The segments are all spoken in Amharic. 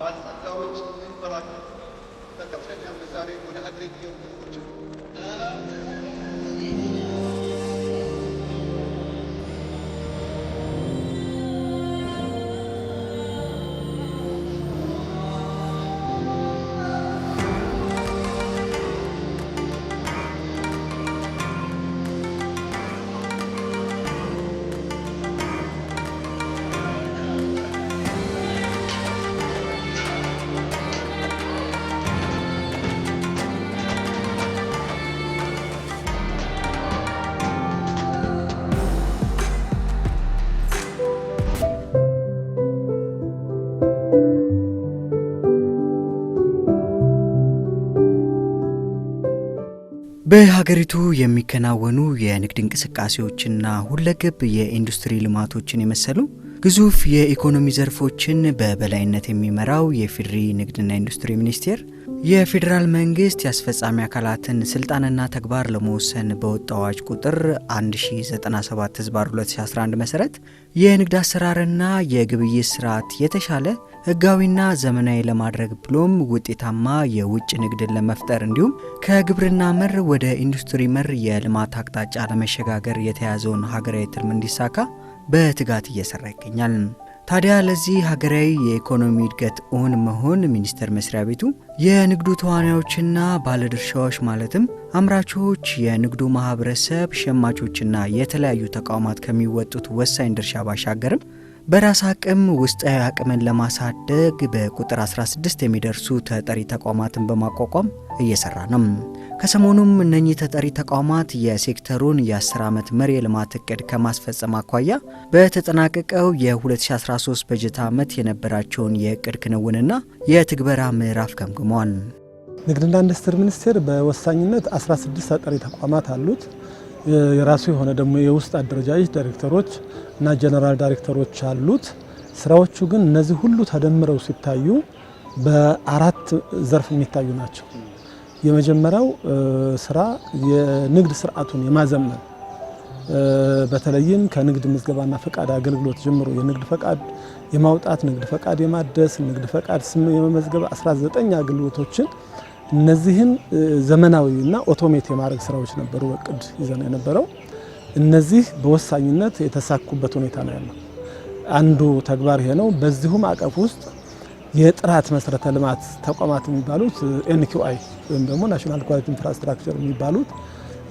ባለጸጋዎች ይንበራከቱ በከፍተኛ ምሳሌ ወደ አድሬት የሆኑ በሀገሪቱ የሚከናወኑ የንግድ እንቅስቃሴዎችና ሁለገብ የኢንዱስትሪ ልማቶችን የመሰሉ ግዙፍ የኢኮኖሚ ዘርፎችን በበላይነት የሚመራው የፊድሪ ንግድና ኢንዱስትሪ ሚኒስቴር የፌዴራል መንግስት የአስፈጻሚ አካላትን ስልጣንና ተግባር ለመወሰን በወጣው አዋጅ ቁጥር 1097 ህዝባር 2011 መሠረት የንግድ አሰራርና የግብይት ስርዓት የተሻለ ህጋዊና ዘመናዊ ለማድረግ ብሎም ውጤታማ የውጭ ንግድን ለመፍጠር እንዲሁም ከግብርና መር ወደ ኢንዱስትሪ መር የልማት አቅጣጫ ለመሸጋገር የተያዘውን ሀገራዊ ትልም እንዲሳካ በትጋት እየሰራ ይገኛል። ታዲያ ለዚህ ሀገራዊ የኢኮኖሚ እድገት እውን መሆን ሚኒስቴር መስሪያ ቤቱ የንግዱ ተዋናዮችና ባለድርሻዎች ማለትም አምራቾች፣ የንግዱ ማህበረሰብ፣ ሸማቾችና የተለያዩ ተቋማት ከሚወጡት ወሳኝ ድርሻ ባሻገርም በራስ አቅም ውስጣዊ አቅምን ለማሳደግ በቁጥር 16 የሚደርሱ ተጠሪ ተቋማትን በማቋቋም እየሰራ ነው። ከሰሞኑም እነኚህ ተጠሪ ተቋማት የሴክተሩን የ10 ዓመት መሪ የልማት እቅድ ከማስፈጸም አኳያ በተጠናቀቀው የ2013 በጀት ዓመት የነበራቸውን የእቅድ ክንውንና የትግበራ ምዕራፍ ገምግሟል። ንግድና ኢንዱስትሪ ሚኒስቴር በወሳኝነት 16 ተጠሪ ተቋማት አሉት። የራሱ የሆነ ደግሞ የውስጥ አደረጃጀት ዳይሬክተሮች እና ጀነራል ዳይሬክተሮች አሉት። ስራዎቹ ግን እነዚህ ሁሉ ተደምረው ሲታዩ በአራት ዘርፍ የሚታዩ ናቸው። የመጀመሪያው ስራ የንግድ ስርዓቱን የማዘመን በተለይም ከንግድ ምዝገባና ፈቃድ አገልግሎት ጀምሮ የንግድ ፈቃድ የማውጣት ንግድ ፈቃድ የማደስ ንግድ ፈቃድ ስም የመመዝገብ 19 አገልግሎቶችን እነዚህን ዘመናዊና ኦቶሜት የማድረግ ስራዎች ነበሩ በቅድ ይዘን የነበረው። እነዚህ በወሳኝነት የተሳኩበት ሁኔታ ነው ያለው። አንዱ ተግባር ይሄ ነው። በዚሁም አቀፍ ውስጥ የጥራት መሰረተ ልማት ተቋማት የሚባሉት ኤንኪውአይ ወይም ደግሞ ናሽናል ኳሊቲ ኢንፍራስትራክቸር የሚባሉት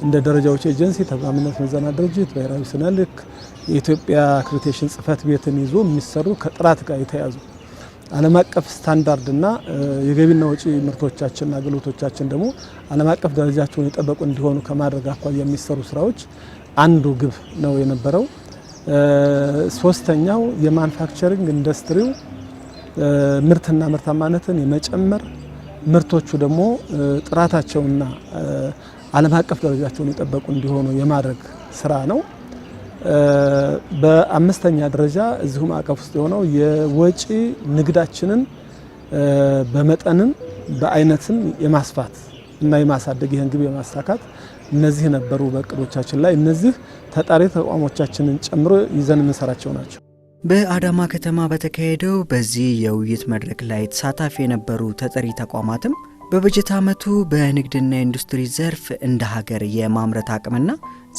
እንደ ደረጃዎች ኤጀንሲ፣ ተግባምነት ምዘና ድርጅት፣ ብሔራዊ ስነ ልክ፣ የኢትዮጵያ አክሬዲቴሽን ጽፈት ቤትን ይዞ የሚሰሩ ከጥራት ጋር የተያዙ ዓለም አቀፍ ስታንዳርድና የገቢና ወጪ ምርቶቻችንና አገልግሎቶቻችን ደግሞ ዓለም አቀፍ ደረጃቸውን የጠበቁ እንዲሆኑ ከማድረግ አኳያ የሚሰሩ ስራዎች አንዱ ግብ ነው የነበረው። ሶስተኛው የማኑፋክቸሪንግ ኢንዱስትሪው ምርትና ምርታማነትን የመጨመር ምርቶቹ ደግሞ ጥራታቸውና ዓለም አቀፍ ደረጃቸውን የጠበቁ እንዲሆኑ የማድረግ ስራ ነው። በአምስተኛ ደረጃ እዚሁ ማዕቀፍ ውስጥ የሆነው የወጪ ንግዳችንን በመጠንም በአይነትም የማስፋት እና የማሳደግ ይህን ግብ የማሳካት እነዚህ የነበሩ በእቅዶቻችን ላይ። እነዚህ ተጣሪ ተቋሞቻችንን ጨምሮ ይዘን የምንሰራቸው ናቸው። በአዳማ ከተማ በተካሄደው በዚህ የውይይት መድረክ ላይ ተሳታፊ የነበሩ ተጠሪ ተቋማትም በበጀት ዓመቱ በንግድና ኢንዱስትሪ ዘርፍ እንደ ሀገር የማምረት አቅምና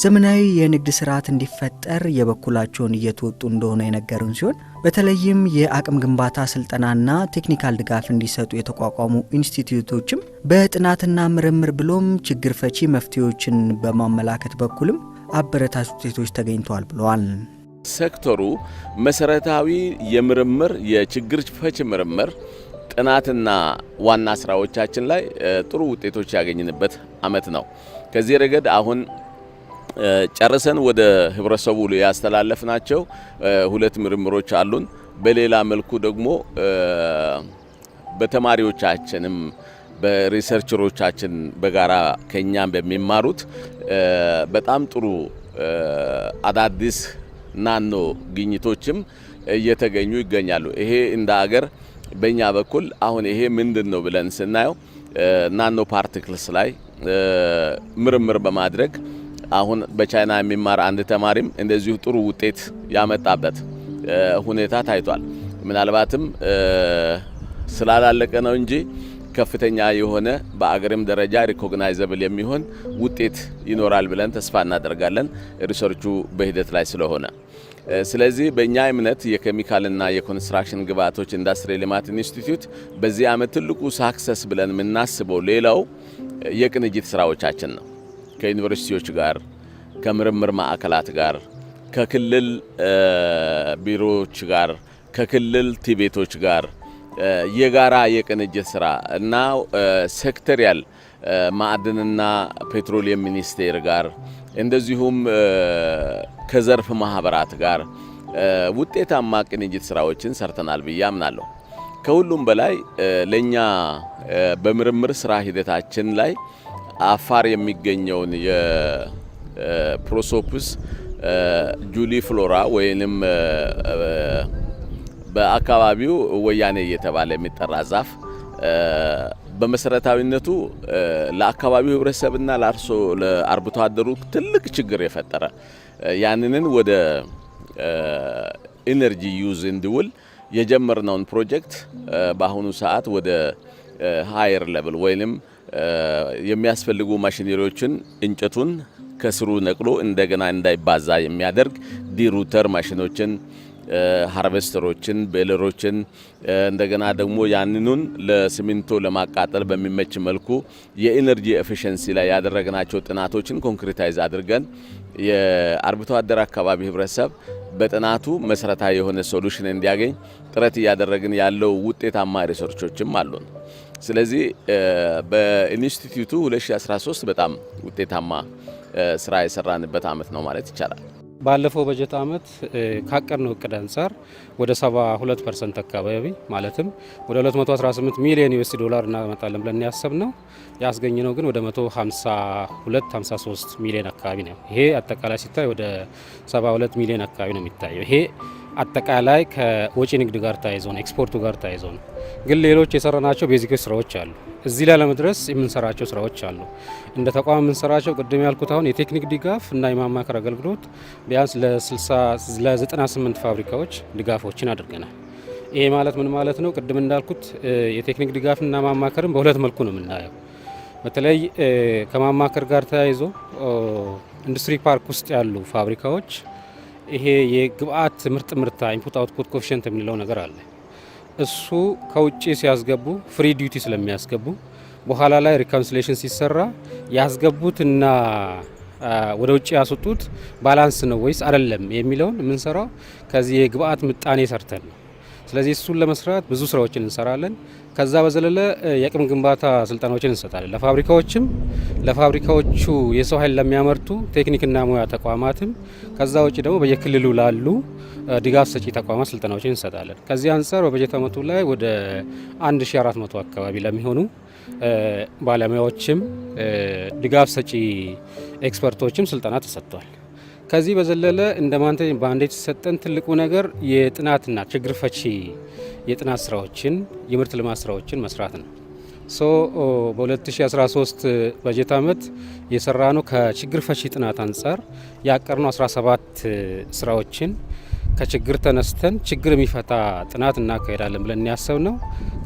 ዘመናዊ የንግድ ስርዓት እንዲፈጠር የበኩላቸውን እየተወጡ እንደሆነ የነገሩን ሲሆን በተለይም የአቅም ግንባታ ስልጠናና ቴክኒካል ድጋፍ እንዲሰጡ የተቋቋሙ ኢንስቲትዩቶችም በጥናትና ምርምር ብሎም ችግር ፈቺ መፍትሄዎችን በማመላከት በኩልም አበረታች ውጤቶች ተገኝተዋል ብለዋል። ሴክተሩ መሰረታዊ የምርምር የችግር ፈች ምርምር ጥናትና ዋና ስራዎቻችን ላይ ጥሩ ውጤቶች ያገኝንበት አመት ነው። ከዚህ ረገድ አሁን ጨርሰን ወደ ህብረተሰቡ ያስተላለፍ ናቸው ሁለት ምርምሮች አሉን። በሌላ መልኩ ደግሞ በተማሪዎቻችንም በሪሰርቸሮቻችን በጋራ ከኛም በሚማሩት በጣም ጥሩ አዳዲስ ናኖ ግኝቶችም እየተገኙ ይገኛሉ። ይሄ እንደ ሀገር በእኛ በኩል አሁን ይሄ ምንድን ነው ብለን ስናየው ናኖ ፓርቲክልስ ላይ ምርምር በማድረግ አሁን በቻይና የሚማር አንድ ተማሪም እንደዚሁ ጥሩ ውጤት ያመጣበት ሁኔታ ታይቷል። ምናልባትም ስላላለቀ ነው እንጂ ከፍተኛ የሆነ በአገርም ደረጃ ሪኮግናይዘብል የሚሆን ውጤት ይኖራል ብለን ተስፋ እናደርጋለን። ሪሰርቹ በሂደት ላይ ስለሆነ ስለዚህ በእኛ እምነት የኬሚካልና የኮንስትራክሽን ግብአቶች ኢንዱስትሪ ልማት ኢንስቲትዩት በዚህ ዓመት ትልቁ ሳክሰስ ብለን የምናስበው ሌላው የቅንጅት ስራዎቻችን ነው። ከዩኒቨርሲቲዎች ጋር፣ ከምርምር ማዕከላት ጋር፣ ከክልል ቢሮዎች ጋር፣ ከክልል ቲቤቶች ጋር የጋራ የቅንጅት ስራ እና ሴክተሪያል ማዕድንና ፔትሮሊየም ሚኒስቴር ጋር እንደዚሁም ከዘርፍ ማህበራት ጋር ውጤታማ ቅንጅት ስራዎችን ሰርተናል ብዬ አምናለሁ። ከሁሉም በላይ ለእኛ በምርምር ስራ ሂደታችን ላይ አፋር የሚገኘውን የፕሮሶፕስ ጁሊ ፍሎራ ወይንም በአካባቢው ወያኔ እየተባለ የሚጠራ ዛፍ በመሰረታዊነቱ ለአካባቢው ህብረተሰብና ለአርሶ ለአርብቶ አደሩ ትልቅ ችግር የፈጠረ ያንንን ወደ ኢነርጂ ዩዝ እንዲውል የጀመርነውን ፕሮጀክት በአሁኑ ሰዓት ወደ ሃየር ሌቭል ወይም የሚያስፈልጉ ማሽነሪዎችን እንጨቱን ከስሩ ነቅሎ እንደገና እንዳይባዛ የሚያደርግ ዲሩተር ማሽኖችን ሃርቨስተሮችን፣ ቤለሮችን እንደገና ደግሞ ያንኑን ለሲሚንቶ ለማቃጠል በሚመች መልኩ የኢነርጂ ኤፊሽንሲ ላይ ያደረግናቸው ጥናቶችን ኮንክሪታይዝ አድርገን የአርብቶ አደር አካባቢ ህብረተሰብ በጥናቱ መሰረታዊ የሆነ ሶሉሽን እንዲያገኝ ጥረት እያደረግን ያለው ውጤታማ ሪሰርቾችም አሉን። ስለዚህ በኢንስቲትዩቱ 2013 በጣም ውጤታማ ስራ የሰራንበት አመት ነው ማለት ይቻላል። ባለፈው በጀት ዓመት ካቀድነው እቅድ አንጻር ወደ 72 ፐርሰንት አካባቢ ማለትም ወደ 218 ሚሊዮን ዩኤስ ዶላር እናመጣለን ብለን ያሰብነው ነው ግን ወደ 152 53 ሚሊዮን አካባቢ ነው። ይሄ አጠቃላይ ሲታይ ወደ 72 ሚሊዮን አካባቢ ነው የሚታየው። ይሄ አጠቃላይ ከወጪ ንግድ ጋር ተያይዞ ነው፣ ኤክስፖርቱ ጋር ተያይዞ ነው። ግን ሌሎች የሰራናቸው ቤዚኮች ስራዎች አሉ። እዚህ ላይ ለመድረስ የምንሰራቸው ስራዎች አሉ። እንደ ተቋም የምንሰራቸው ቅድም ያልኩት አሁን የቴክኒክ ድጋፍ እና የማማከር አገልግሎት ቢያንስ ለ98 ፋብሪካዎች ድጋፎችን አድርገናል። ይሄ ማለት ምን ማለት ነው? ቅድም እንዳልኩት የቴክኒክ ድጋፍና ማማከርን በሁለት መልኩ ነው የምናየው። በተለይ ከማማከር ጋር ተያይዞ ኢንዱስትሪ ፓርክ ውስጥ ያሉ ፋብሪካዎች ይሄ የግብአት ምርጥ ምርታ ኢንፑት አውትፑት ኮፊሽንት የሚለው ነገር አለ እሱ ከውጭ ሲያስገቡ ፍሪ ዲዩቲ ስለሚያስገቡ በኋላ ላይ ሪኮንሲሌሽን ሲሰራ ያስገቡትና ወደ ውጭ ያስወጡት ባላንስ ነው ወይስ አይደለም የሚለውን የምንሰራው ከዚህ የግብአት ምጣኔ ሰርተን ነው። ስለዚህ እሱን ለመስራት ብዙ ስራዎችን እንሰራለን። ከዛ በዘለለ የአቅም ግንባታ ስልጠናዎችን እንሰጣለን ለፋብሪካዎችም ለፋብሪካዎቹ የሰው ኃይል ለሚያመርቱ ቴክኒክና ሙያ ተቋማትም ከዛ ውጭ ደግሞ በየክልሉ ላሉ ድጋፍ ሰጪ ተቋማት ስልጠናዎችን እንሰጣለን። ከዚህ አንጻር በበጀት ዓመቱ ላይ ወደ 1400 አካባቢ ለሚሆኑ ባለሙያዎችም ድጋፍ ሰጪ ኤክስፐርቶችም ስልጠና ተሰጥቷል። ከዚህ በዘለለ እንደ ማንተን በአንዴት የተሰጠን ትልቁ ነገር የጥናትና ችግር ፈቺ የጥናት ስራዎችን የምርት ልማት ስራዎችን መስራት ነው። ሶ በ2013 በጀት ዓመት የሰራ ነው ከችግር ፈቺ ጥናት አንጻር ያቀርነው 17 ስራዎችን ከችግር ተነስተን ችግር የሚፈታ ጥናት እናካሄዳለን ብለን ያሰብ ነው።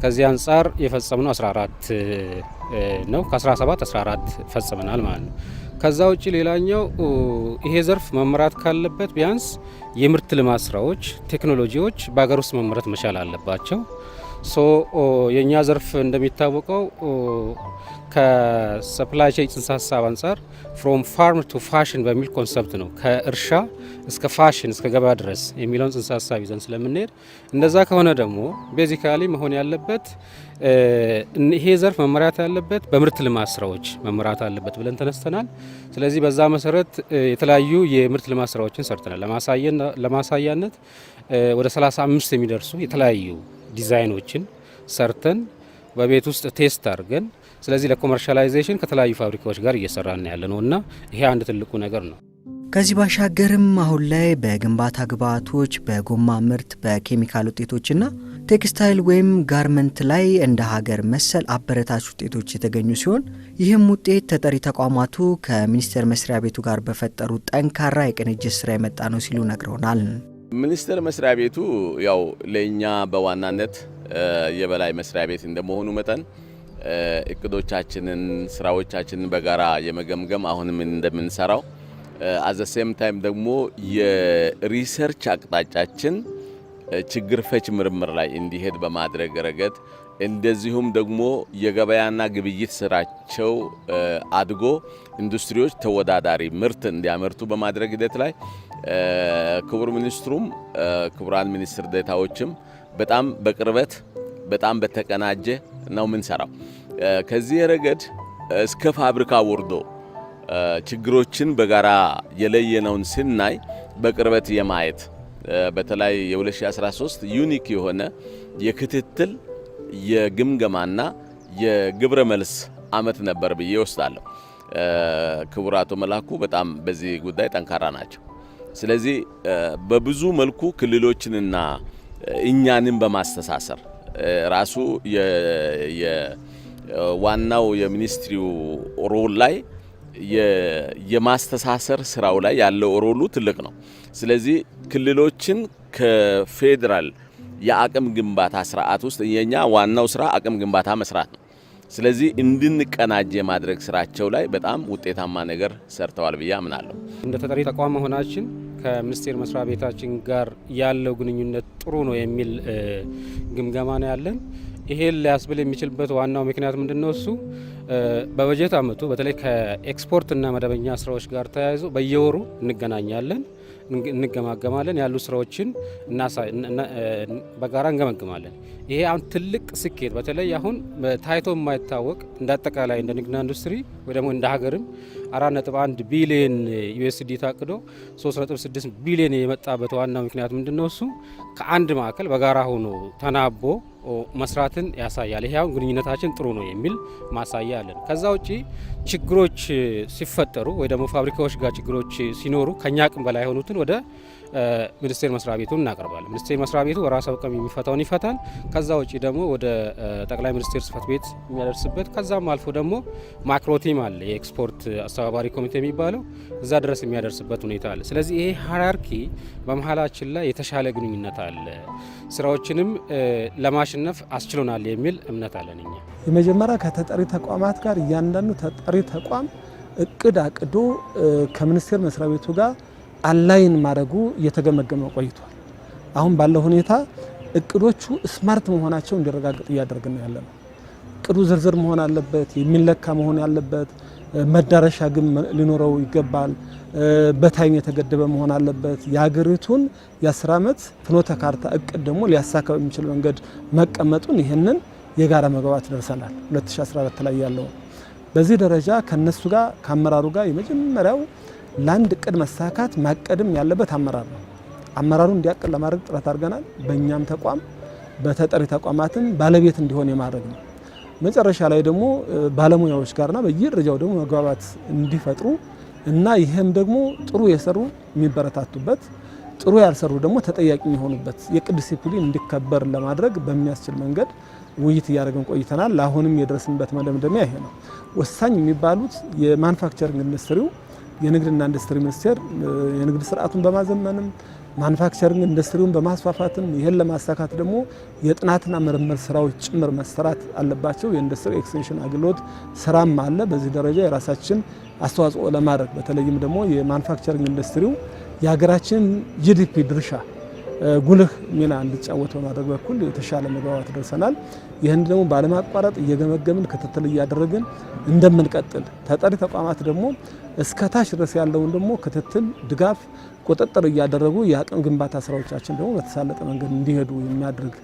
ከዚህ አንጻር የፈጸምነው 14 ነው። ከ17 14 ፈጽመናል ማለት ነው። ከዛ ውጭ ሌላኛው ይሄ ዘርፍ መምራት ካለበት ቢያንስ የምርት ልማት ስራዎች፣ ቴክኖሎጂዎች በሀገር ውስጥ መምረት መቻል አለባቸው። ሶ የእኛ ዘርፍ እንደሚታወቀው ከሰፕላይ ቼን ጽንሰ ሀሳብ አንጻር ፍሮም ፋርም ቱ ፋሽን በሚል ኮንሰፕት ነው ከእርሻ እስከ ፋሽን እስከ ገበያ ድረስ የሚለውን ጽንሰ ሀሳብ ይዘን ስለምንሄድ እንደዛ ከሆነ ደግሞ ቤዚካሊ መሆን ያለበት ይሄ ዘርፍ መመራት ያለበት በምርት ልማት ስራዎች መመራት አለበት ብለን ተነስተናል። ስለዚህ በዛ መሰረት የተለያዩ የምርት ልማት ስራዎችን ሰርተናል። ለማሳያነት ወደ 35 የሚደርሱ የተለያዩ ዲዛይኖችን ሰርተን በቤት ውስጥ ቴስት አድርገን ስለዚህ ለኮመርሻላይዜሽን ከተለያዩ ፋብሪካዎች ጋር እየሰራን ያለ ነው እና ይሄ አንድ ትልቁ ነገር ነው። ከዚህ ባሻገርም አሁን ላይ በግንባታ ግብዓቶች፣ በጎማ ምርት፣ በኬሚካል ውጤቶችና ቴክስታይል ወይም ጋርመንት ላይ እንደ ሀገር መሰል አበረታች ውጤቶች የተገኙ ሲሆን ይህም ውጤት ተጠሪ ተቋማቱ ከሚኒስቴር መስሪያ ቤቱ ጋር በፈጠሩ ጠንካራ የቅንጅት ስራ የመጣ ነው ሲሉ ነግረውናል። ሚኒስቴር መስሪያ ቤቱ ያው ለእኛ በዋናነት የበላይ መስሪያ ቤት እንደመሆኑ መጠን እቅዶቻችንን፣ ስራዎቻችንን በጋራ የመገምገም አሁንም እንደምንሰራው አዘሴም ታይም ደግሞ የሪሰርች አቅጣጫችን ችግር ፈች ምርምር ላይ እንዲሄድ በማድረግ ረገድ እንደዚሁም ደግሞ የገበያና ግብይት ስራቸው አድጎ ኢንዱስትሪዎች ተወዳዳሪ ምርት እንዲያመርቱ በማድረግ ሂደት ላይ ክቡር ሚኒስትሩም ክቡራን ሚኒስትር ዴታዎችም በጣም በቅርበት በጣም በተቀናጀ ነው የምንሰራው። ከዚህ ረገድ እስከ ፋብሪካ ወርዶ ችግሮችን በጋራ የለየነውን ስናይ በቅርበት የማየት በተለይ የ2013 ዩኒክ የሆነ የክትትል የግምገማና የግብረ መልስ አመት ነበር ብዬ ወስዳለሁ። ክቡር አቶ መላኩ በጣም በዚህ ጉዳይ ጠንካራ ናቸው። ስለዚህ በብዙ መልኩ ክልሎችንና እኛንን በማስተሳሰር ራሱ ዋናው የሚኒስትሪው ሮል ላይ የማስተሳሰር ስራው ላይ ያለው ሮሉ ትልቅ ነው። ስለዚህ ክልሎችን ከፌዴራል የአቅም ግንባታ ስርዓት ውስጥ የኛ ዋናው ስራ አቅም ግንባታ መስራት ነው። ስለዚህ እንድንቀናጅ የማድረግ ስራቸው ላይ በጣም ውጤታማ ነገር ሰርተዋል ብዬ አምናለሁ። እንደ ተጠሪ ተቋም መሆናችን ከሚኒስቴር መስሪያ ቤታችን ጋር ያለው ግንኙነት ጥሩ ነው የሚል ግምገማ ነው ያለን። ይሄን ሊያስብል የሚችልበት ዋናው ምክንያት ምንድነው እሱ በበጀት አመቱ በተለይ ከኤክስፖርትና መደበኛ ስራዎች ጋር ተያይዞ በየወሩ እንገናኛለን። እንገማገማለን፣ ያሉ ስራዎችን በጋራ እንገመግማለን። ይሄ አሁን ትልቅ ስኬት በተለይ አሁን ታይቶ የማይታወቅ እንደ አጠቃላይ እንደ ንግድና ኢንዱስትሪ ወይ ደግሞ እንደ ሀገርም 4.1 ቢሊዮን ዩኤስዲ ታቅዶ 3.6 ቢሊዮን የመጣበት ዋናው ምክንያት ምንድነው? እሱ ከአንድ ማዕከል በጋራ ሆኖ ተናቦ መስራትን ያሳያል። ይሄ አሁን ግንኙነታችን ጥሩ ነው የሚል ማሳያ አለን። ከዛ ውጪ ችግሮች ሲፈጠሩ ወይ ደግሞ ፋብሪካዎች ጋር ችግሮች ሲኖሩ ከኛ አቅም በላይ የሆኑትን ወደ ሚኒስቴር መስሪያ ቤቱን እናቀርባለን። ሚኒስቴር መስሪያ ቤቱ ራሱ አቅም የሚፈታውን ይፈታል። ከዛ ውጭ ደግሞ ወደ ጠቅላይ ሚኒስቴር ጽህፈት ቤት የሚያደርስበት ከዛም አልፎ ደግሞ ማክሮ ቲም አለ፣ የኤክስፖርት አስተባባሪ ኮሚቴ የሚባለው እዛ ድረስ የሚያደርስበት ሁኔታ አለ። ስለዚህ ይሄ ሀራርኪ በመሀላችን ላይ የተሻለ ግንኙነት አለ፣ ስራዎችንም ለማሸነፍ አስችሎናል የሚል እምነት አለን። እኛ የመጀመሪያ ከተጠሪ ተቋማት ጋር እያንዳንዱ ተጠሪ ተቋም እቅድ አቅዶ ከሚኒስቴር መስሪያ ቤቱ ጋር አላይን ማድረጉ እየተገመገመ ቆይቷል። አሁን ባለው ሁኔታ እቅዶቹ ስማርት መሆናቸው እንዲረጋገጥ እያደረግን ያለ ነው። እቅዱ ዝርዝር መሆን አለበት፣ የሚለካ መሆን ያለበት፣ መዳረሻ ግን ሊኖረው ይገባል። በታይም የተገደበ መሆን አለበት። የሀገሪቱን የአስር ዓመት ፍኖተ ካርታ እቅድ ደግሞ ሊያሳካው የሚችል መንገድ መቀመጡን ይህንን የጋራ መግባባት ደርሰናል። 2014 ላይ ያለው በዚህ ደረጃ ከነሱ ጋር ከአመራሩ ጋር የመጀመሪያው ለአንድ እቅድ መሳካት ማቀድም ያለበት አመራር ነው። አመራሩ እንዲያቅድ ለማድረግ ጥረት አድርገናል። በእኛም ተቋም በተጠሪ ተቋማትም ባለቤት እንዲሆን የማድረግ ነው። መጨረሻ ላይ ደግሞ ባለሙያዎች ጋርና በየደረጃው ደግሞ መግባባት እንዲፈጥሩ እና ይህም ደግሞ ጥሩ የሰሩ የሚበረታቱበት፣ ጥሩ ያልሰሩ ደግሞ ተጠያቂ የሚሆኑበት የቅድ ዲሲፕሊን እንዲከበር ለማድረግ በሚያስችል መንገድ ውይይት እያደረግን ቆይተናል። አሁንም የደረስንበት መደምደሚያ ይሄ ነው። ወሳኝ የሚባሉት የማኑፋክቸሪንግ ኢንዱስትሪው የንግድና ኢንዱስትሪ ሚኒስቴር የንግድ ስርዓቱን በማዘመንም ማኑፋክቸሪንግ ኢንዱስትሪውን በማስፋፋትም ይህን ለማሳካት ደግሞ የጥናትና ምርምር ስራዎች ጭምር መሰራት አለባቸው። የኢንዱስትሪ ኤክስቴንሽን አገልግሎት ስራም አለ። በዚህ ደረጃ የራሳችን አስተዋጽኦ ለማድረግ በተለይም ደግሞ የማኑፋክቸሪንግ ኢንዱስትሪው የሀገራችን ጂዲፒ ድርሻ ጉልህ ሚና እንዲጫወት በማድረግ በኩል የተሻለ መግባባት ደርሰናል። ይህን ደግሞ ባለማቋረጥ እየገመገምን ክትትል እያደረግን እንደምንቀጥል ተጠሪ ተቋማት ደግሞ እስከ ታች ድረስ ያለውን ደግሞ ክትትል፣ ድጋፍ፣ ቁጥጥር እያደረጉ የአቅም ግንባታ ስራዎቻችን ደግሞ በተሳለጠ መንገድ እንዲሄዱ የሚያደርግ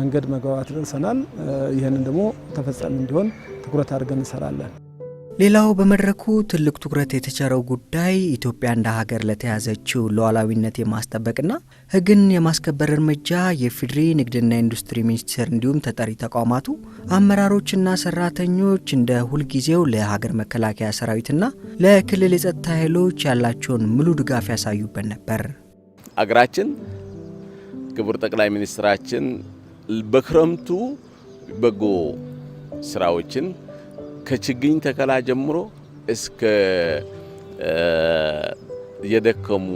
መንገድ መግባባት ደርሰናል። ይህንን ደግሞ ተፈጻሚ እንዲሆን ትኩረት አድርገን እንሰራለን። ሌላው በመድረኩ ትልቅ ትኩረት የተቸረው ጉዳይ ኢትዮጵያ እንደ ሀገር ለተያዘችው ሉዓላዊነት የማስጠበቅና ሕግን የማስከበር እርምጃ የፊድሪ ንግድና ኢንዱስትሪ ሚኒስቴር እንዲሁም ተጠሪ ተቋማቱ አመራሮችና ሰራተኞች እንደ ሁልጊዜው ለሀገር መከላከያ ሰራዊትና ለክልል የጸጥታ ኃይሎች ያላቸውን ሙሉ ድጋፍ ያሳዩበት ነበር። አገራችን ክቡር ጠቅላይ ሚኒስትራችን በክረምቱ በጎ ስራዎችን ከችግኝ ተከላ ጀምሮ እስከ የደከሙ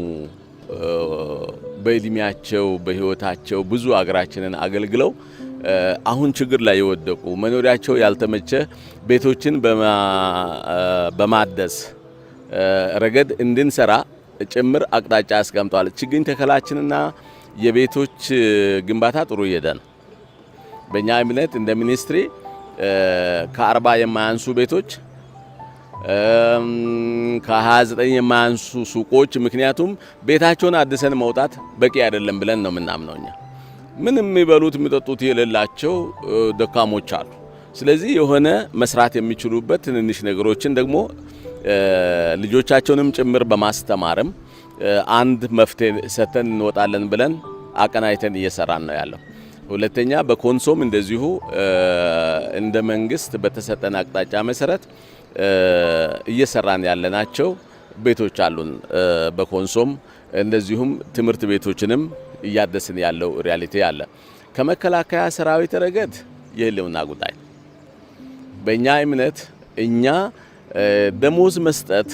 በእድሜያቸው በህይወታቸው ብዙ አገራችንን አገልግለው አሁን ችግር ላይ የወደቁ መኖሪያቸው ያልተመቸ ቤቶችን በማደስ ረገድ እንድንሰራ ጭምር አቅጣጫ አስቀምጠዋል። ችግኝ ተከላችንና የቤቶች ግንባታ ጥሩ እየሄደ ነው። በእኛ እምነት እንደ ሚኒስትሪ ከአርባ የማያንሱ ቤቶች ከ29 የማያንሱ ሱቆች። ምክንያቱም ቤታቸውን አድሰን መውጣት በቂ አይደለም ብለን ነው የምናምነው እኛ። ምን የሚበሉት የሚጠጡት የሌላቸው ደካሞች አሉ። ስለዚህ የሆነ መስራት የሚችሉበት ትንንሽ ነገሮችን ደግሞ ልጆቻቸውንም ጭምር በማስተማርም አንድ መፍትሄ ሰተን እንወጣለን ብለን አቀናይተን እየሰራን ነው ያለው። ሁለተኛ በኮንሶም እንደዚሁ እንደ መንግስት በተሰጠን አቅጣጫ መሰረት እየሰራን ያለናቸው ቤቶች አሉን። በኮንሶም እንደዚሁም ትምህርት ቤቶችንም እያደስን ያለው ሪያሊቲ አለ። ከመከላከያ ሰራዊት ረገድ የህልውና ጉዳይ በእኛ እምነት እኛ ደሞዝ መስጠት፣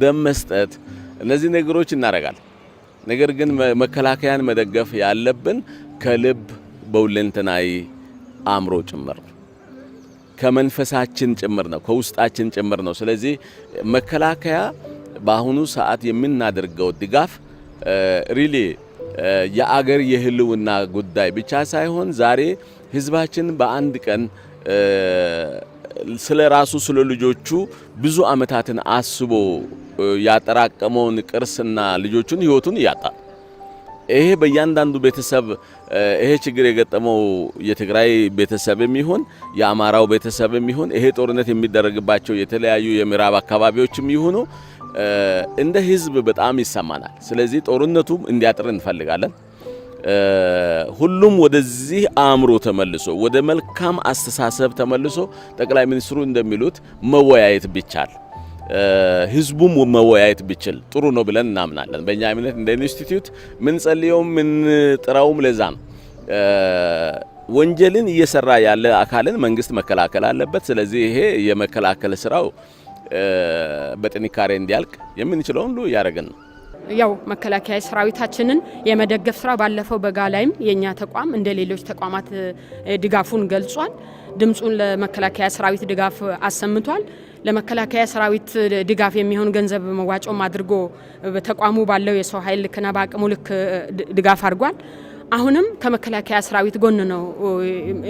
ደም መስጠት እነዚህ ነገሮች እናደርጋል። ነገር ግን መከላከያን መደገፍ ያለብን ከልብ በሁለንተናዊ አእምሮ ጭምር ከመንፈሳችን ጭምር ነው፣ ከውስጣችን ጭምር ነው። ስለዚህ መከላከያ በአሁኑ ሰዓት የምናደርገው ድጋፍ ሪሊ የአገር የህልውና ጉዳይ ብቻ ሳይሆን ዛሬ ህዝባችን በአንድ ቀን ስለ ራሱ ስለ ልጆቹ ብዙ ዓመታትን አስቦ ያጠራቀመውን ቅርስና ልጆቹን ህይወቱን እያጣ ይሄ በእያንዳንዱ ቤተሰብ ይሄ ችግር የገጠመው የትግራይ ቤተሰብም ይሁን የአማራው ቤተሰብም ይሁን ይሄ ጦርነት የሚደረግባቸው የተለያዩ የምዕራብ አካባቢዎችም ይሁኑ እንደ ህዝብ በጣም ይሰማናል። ስለዚህ ጦርነቱ እንዲያጥር እንፈልጋለን። ሁሉም ወደዚህ አእምሮ ተመልሶ ወደ መልካም አስተሳሰብ ተመልሶ ጠቅላይ ሚኒስትሩ እንደሚሉት መወያየት ቢቻል ህዝቡም መወያየት ብችል ጥሩ ነው ብለን እናምናለን። በእኛ እምነት እንደ ኢንስቲትዩት ምንጸልየውም ምንጥረውም ለዛ ነው። ወንጀልን እየሰራ ያለ አካልን መንግስት መከላከል አለበት። ስለዚህ ይሄ የመከላከል ስራው በጥንካሬ እንዲያልቅ የምንችለው ሁሉ እያደረግን ነው። ያው መከላከያ ሰራዊታችንን የመደገፍ ስራ ባለፈው በጋ ላይም የእኛ ተቋም እንደ ሌሎች ተቋማት ድጋፉን ገልጿል። ድምፁን ለመከላከያ ሰራዊት ድጋፍ አሰምቷል። ለመከላከያ ሰራዊት ድጋፍ የሚሆን ገንዘብ መዋጮም አድርጎ ተቋሙ ባለው የሰው ኃይል ልክና በአቅሙ ልክ ድጋፍ አድርጓል። አሁንም ከመከላከያ ሰራዊት ጎን ነው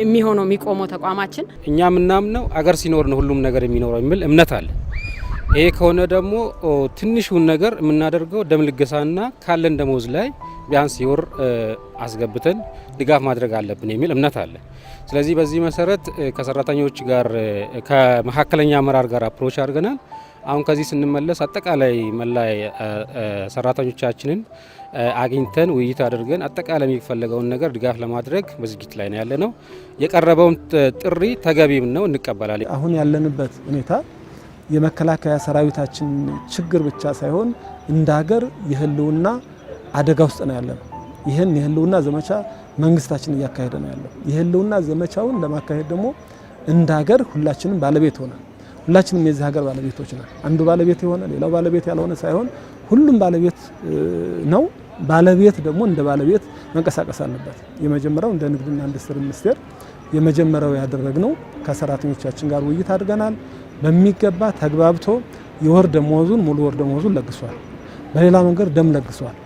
የሚሆነው የሚቆመው ተቋማችን። እኛ ምናምነው አገር ሲኖር ነው ሁሉም ነገር የሚኖረው የሚል እምነት አለ። ይሄ ከሆነ ደግሞ ትንሹን ነገር የምናደርገው ደም ልገሳና ካለን ደሞዝ ላይ ቢያንስ የወር አስገብተን ድጋፍ ማድረግ አለብን የሚል እምነት አለ። ስለዚህ በዚህ መሰረት ከሰራተኞች ጋር ከመካከለኛ አመራር ጋር አፕሮች አድርገናል። አሁን ከዚህ ስንመለስ አጠቃላይ መላይ ሰራተኞቻችንን አግኝተን ውይይት አድርገን አጠቃላይ የሚፈለገውን ነገር ድጋፍ ለማድረግ በዝግጅት ላይ ነው ያለ ነው። የቀረበውን ጥሪ ተገቢም ነው፣ እንቀበላለን። አሁን ያለንበት ሁኔታ የመከላከያ ሰራዊታችን ችግር ብቻ ሳይሆን እንደ ሀገር የህልውና አደጋ ውስጥ ነው ያለነው። ይህን የህልውና ዘመቻ መንግስታችን እያካሄደ ነው ያለው። የህልውና ዘመቻውን ለማካሄድ ደግሞ እንደ ሀገር ሁላችንም ባለቤት ሆናል። ሁላችንም የዚህ ሀገር ባለቤቶች ነን። አንዱ ባለቤት የሆነ ሌላው ባለቤት ያልሆነ ሳይሆን ሁሉም ባለቤት ነው። ባለቤት ደግሞ እንደ ባለቤት መንቀሳቀስ አለበት። የመጀመሪያው እንደ ንግድና ኢንዱስትሪ ሚኒስቴር የመጀመሪያው ያደረግነው ከሰራተኞቻችን ጋር ውይይት አድርገናል። በሚገባ ተግባብቶ የወር ደሞዙን ሙሉ ወር ደሞዙን ለግሷል። በሌላ መንገድ ደም ለግሷል።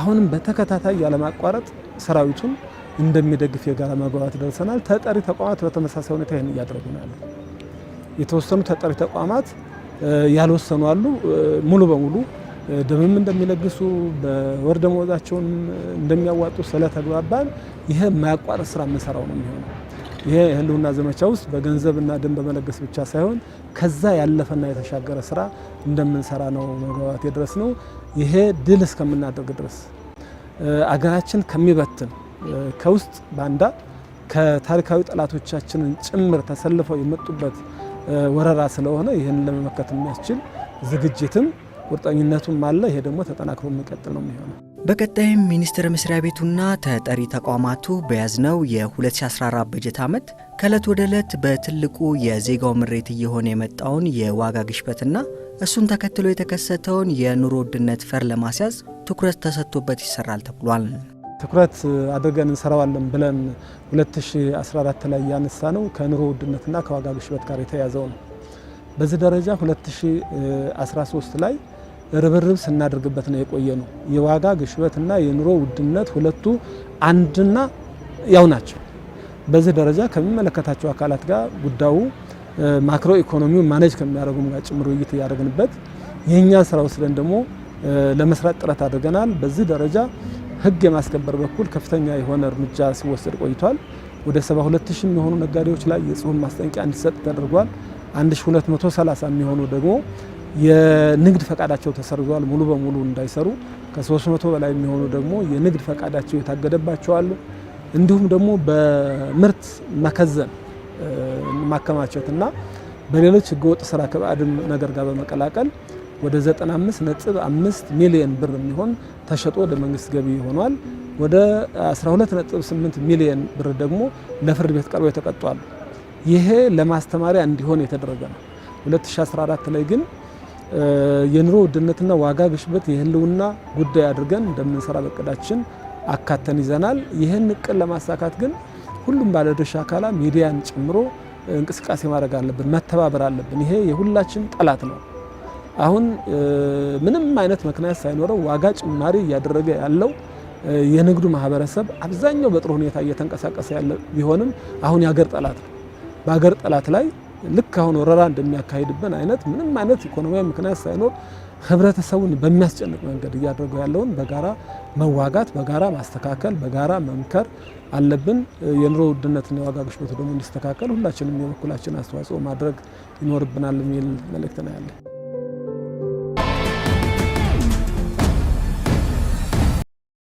አሁንም በተከታታይ ያለማቋረጥ ሰራዊቱን እንደሚደግፍ የጋራ መግባባት ደርሰናል። ተጠሪ ተቋማት በተመሳሳይ ሁኔታ ይህን እያደረጉ ነው ያሉ። የተወሰኑ ተጠሪ ተቋማት ያልወሰኑ አሉ። ሙሉ በሙሉ ደምም እንደሚለግሱ በወር ደሞዛቸውንም እንደሚያዋጡ ስለተግባባን ይህ የማያቋርጥ ስራ የምንሰራው ነው የሚሆነው። ይሄ የህልውና ዘመቻ ውስጥ በገንዘብና ደም በመለገስ ብቻ ሳይሆን ከዛ ያለፈና የተሻገረ ስራ እንደምንሰራ ነው መግባባት የድረስ ነው። ይሄ ድል እስከምናደርግ ድረስ አገራችን ከሚበትን ከውስጥ ባንዳ ከታሪካዊ ጠላቶቻችንን ጭምር ተሰልፈው የመጡበት ወረራ ስለሆነ ይህን ለመመከት የሚያስችል ዝግጅትም ቁርጠኝነቱም አለ። ይሄ ደግሞ ተጠናክሮ የሚቀጥል ነው የሚሆነው። በቀጣይም ሚኒስቴር መስሪያ ቤቱና ተጠሪ ተቋማቱ በያዝነው የ2014 በጀት ዓመት ከዕለት ወደ ዕለት በትልቁ የዜጋው ምሬት እየሆነ የመጣውን የዋጋ ግሽበትና እሱን ተከትሎ የተከሰተውን የኑሮ ውድነት ፈር ለማስያዝ ትኩረት ተሰጥቶበት ይሰራል ተብሏል። ትኩረት አድርገን እንሰራዋለን ብለን 2014 ላይ ያነሳ ነው ከኑሮ ውድነትና ከዋጋ ግሽበት ጋር የተያዘው ነው። በዚህ ደረጃ 2013 ላይ ርብርብ ስናደርግበት ነው የቆየ ነው። የዋጋ ግሽበትና የኑሮ ውድነት ሁለቱ አንድና ያው ናቸው። በዚህ ደረጃ ከሚመለከታቸው አካላት ጋር ጉዳዩ ማክሮ ኢኮኖሚውን ማኔጅ ከሚያደርጉም ጋር ጭምር ውይይት እያደረግንበት የእኛ ስራ ወስደን ደግሞ ለመስራት ጥረት አድርገናል። በዚህ ደረጃ ህግ የማስከበር በኩል ከፍተኛ የሆነ እርምጃ ሲወሰድ ቆይቷል። ወደ 72 ሺህ የሚሆኑ ነጋዴዎች ላይ የጽሁፍ ማስጠንቀቂያ እንዲሰጥ ተደርጓል። 1230 የሚሆኑ ደግሞ የንግድ ፈቃዳቸው ተሰርዟል። ሙሉ በሙሉ እንዳይሰሩ ከ300 በላይ የሚሆኑ ደግሞ የንግድ ፈቃዳቸው የታገደባቸው አሉ። እንዲሁም ደግሞ በምርት መከዘን ማከማቸት እና በሌሎች ህገወጥ ስራ ከባድም ነገር ጋር በመቀላቀል ወደ 95 5 ሚሊዮን ብር የሚሆን ተሸጦ ወደ መንግስት ገቢ ሆኗል። ወደ 12 ነ8 ሚሊዮን ብር ደግሞ ለፍርድ ቤት ቀርበው የተቀጡ አሉ። ይሄ ለማስተማሪያ እንዲሆን የተደረገ ነው። 2014 ላይ ግን የኑሮ ውድነትና ዋጋ ግሽበት የህልውና ጉዳይ አድርገን እንደምንሰራ በቅዳችን አካተን ይዘናል። ይህን እቅድ ለማሳካት ግን ሁሉም ባለድርሻ አካላ ሚዲያን ጨምሮ እንቅስቃሴ ማድረግ አለብን፣ መተባበር አለብን። ይሄ የሁላችን ጠላት ነው። አሁን ምንም አይነት ምክንያት ሳይኖረው ዋጋ ጭማሪ እያደረገ ያለው የንግዱ ማህበረሰብ አብዛኛው በጥሩ ሁኔታ እየተንቀሳቀሰ ያለ ቢሆንም አሁን የሀገር ጠላት ነው። በሀገር ጠላት ላይ ልክ አሁን ወረራ እንደሚያካሂድብን አይነት ምንም አይነት ኢኮኖሚያዊ ምክንያት ሳይኖር ህብረተሰቡን በሚያስጨንቅ መንገድ እያደረገው ያለውን በጋራ መዋጋት፣ በጋራ ማስተካከል፣ በጋራ መምከር አለብን። የኑሮ ውድነትና የዋጋ ግሽበቱ ደግሞ እንዲስተካከል ሁላችንም የበኩላችን አስተዋጽኦ ማድረግ ይኖርብናል የሚል መልእክት ነው ያለን።